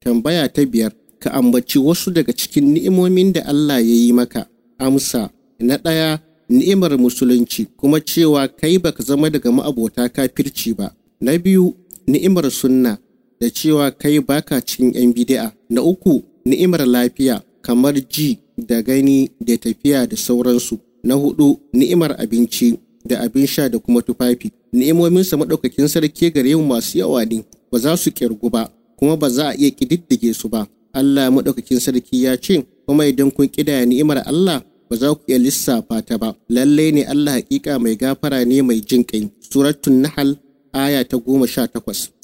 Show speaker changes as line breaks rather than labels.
Tambaya ta biyar, ka ambaci wasu daga cikin ni'imomin da Allah ya yi maka. Amsa, na ɗaya, ni'imar musulunci kuma cewa kai baka zama daga ma'abota kafirci ba. Na biyu, ni'imar sunna da cewa kai baka cikin 'yan bidi'a. Na uku, ni'imar lafiya kamar ji da gani da tafiya da sauransu. Na hudu, ni'imar abinci da abin sha da kuma tufafi. Ni'imominsa maɗaukakin sarki gare mu masu yawa ne, ba za su ƙirgu ba. kuma ba za a iya ƙididdige su ba Allah maɗaukakin sarki ya ce kuma idan kun ƙidaya ni'imar Allah ba za ku iya lissafa ta ba Lallai ne Allah hakika mai gafara ne mai jin ƙai Suratun nahl aya ta goma sha takwas